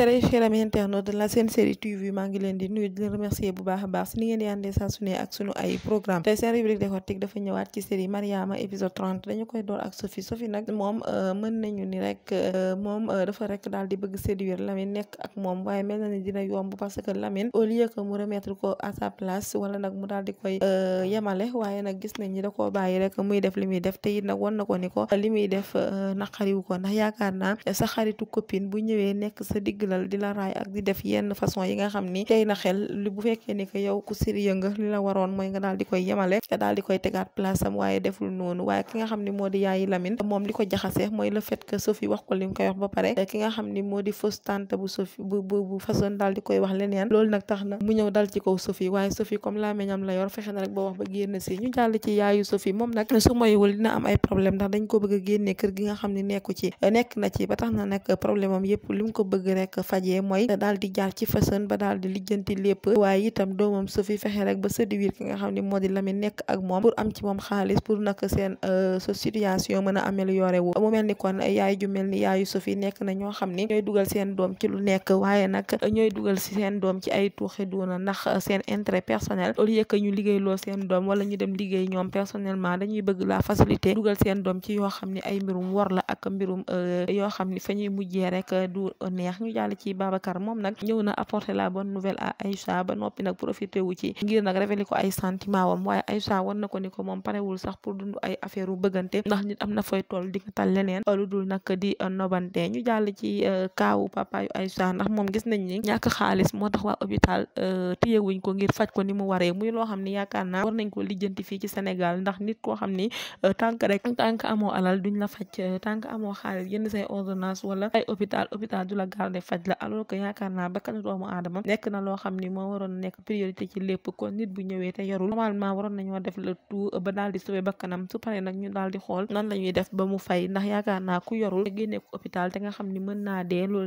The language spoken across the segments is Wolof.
très cher ami internaute de la Sen Série TV maa ngi leen di nuyu di leen remercier bu baax a baax si ni ngeen di àndee saa su ne ak sunu ay programme tey seen rubrique décortique dafa ñëwaat ci série Mariama épisode 30 dañu koy door ak Sophie Sophie nag moom euh, mën nañu ni rek euh, moom euh, dafa daal di bëgg séduire Lamine nekk ak moom waaye mel ni dina yomb parce que Lamine au lieu mu remettre ko à sa place wala nag mu daal di koy yemale waaye nag gis nañ ni da koo bàyyi rek muy def li muy def te it nag wan na ko ni ko li muy def naqariwu ko ndax yaakaar naa sa xaritu bu ñëwee nekk sa tiital di la raay ak di def yenn façon yi nga xam ni tey na xel li bu fekkee ni yow ku sérieux nga li la waroon mooy nga daal di koy yemale nga daal di koy tegaat place am xam ni moo di yaayi moom li ko jaxase mooy le fait que wax ko li nga koy wax ba pare ki nga xam ni moo di fausse tante bu Sophie bu bu bu façon daal di koy wax leneen loolu nag tax na mu ñëw dal ci kaw Sophie waaye Sophie comme laameñam la yor fexe na rek boo wax ba génn si ñu jàll ci yaayu Sophie moom nag su moywul dina am ay problème ndax dañ ko gi nga xam ni nekku ci nekk na ci ba tax na nag ko fajee mooy daal di jaar ci façon ba daal di lijjanti lépp waaye itam doomam su fexe rek ba séduire ki xam ne moo di nekk ak moom pour am ci moom xaalis pour naka seen euh, situation mën a améliorer wu mu mel ni kon yaay ju nekk na ñoo xam ni ñooy dugal seen doom ci lu nekk waaye nag ñooy dugal si seen doom ci ay tuuxi duuna ndax seen intérêt personnel au lieu que ñu liggéeyloo seen doom wala ñu dem liggéey ñoom personnellement dañuy bëgg la facilité dugal seen jàll ci Babacar moom nag ñëw na apporter la bonne nouvelle à Aïcha ba noppi nag profité wu ci ngir ni ko moom parewul sax pour dund ay affaire wu ndax nit am na fooy toll di nga tal leneen lu dul nag di euh, nobante ñu jàll ci euh, kaawu papa yu Aïcha ndax moom gis nañ xaalis moo tax waa hôpital euh, téyewuñ ko ngir faj ko ni mu waree muy loo xam ni yaakaar naa war ko lijjanti ci Sénégal ndax nit koo xam ni tànk rek tànk amoo alal duñ la faj tànk xaalis yenn say ordonnance wala hôpital hôpital du la garder faj la alors que yaakaar naa bakkanu doomu aadama nekk na loo xam ni moo waroon nekk priorité ci lépp kon nit bu ñëwee te yarul normalement waroon nañoo def le tout ba daal di sauver bakkanam su paree ñu daal xool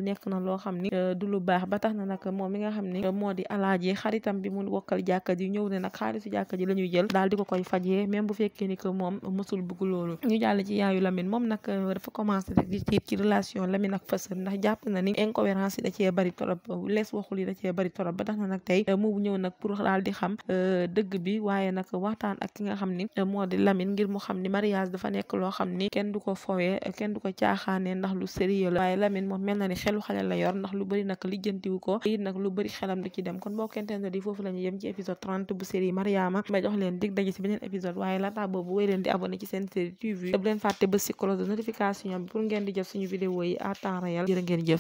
nekk na loo xam ni euh, du lu baax ba tax na nag moom mi nga xam ni euh, moo di alaaji xaritam bi mu wokkal jàkka ji ñëw ne nag xaalisu jàkka ji la ñuy jël daal di ko koy fajee même fekkee ni que moom mësul loolu ñu jàll ci yaayu Lamine moom nag euh, dafa conférence yi da cee bari torop lees waxul yi da cee bari torop ba tax na nag tey mu ñëw nag pour daal di xam euh, dëgg bi waaye nag waxtaan ak ki nga xam ni euh, moo di ngir mu xam ni mariage dafa nekk loo xam ni kenn du ko foowee kenn du ko ndax lu sérieux la waaye moom mel na ni xelu xale la ndax lu bari nag lijjantiwu ko lu bari xelam du ci dem kon boo kenteente di foofu la yem ci épisode 30 bu série Mariama ma leen dig daje si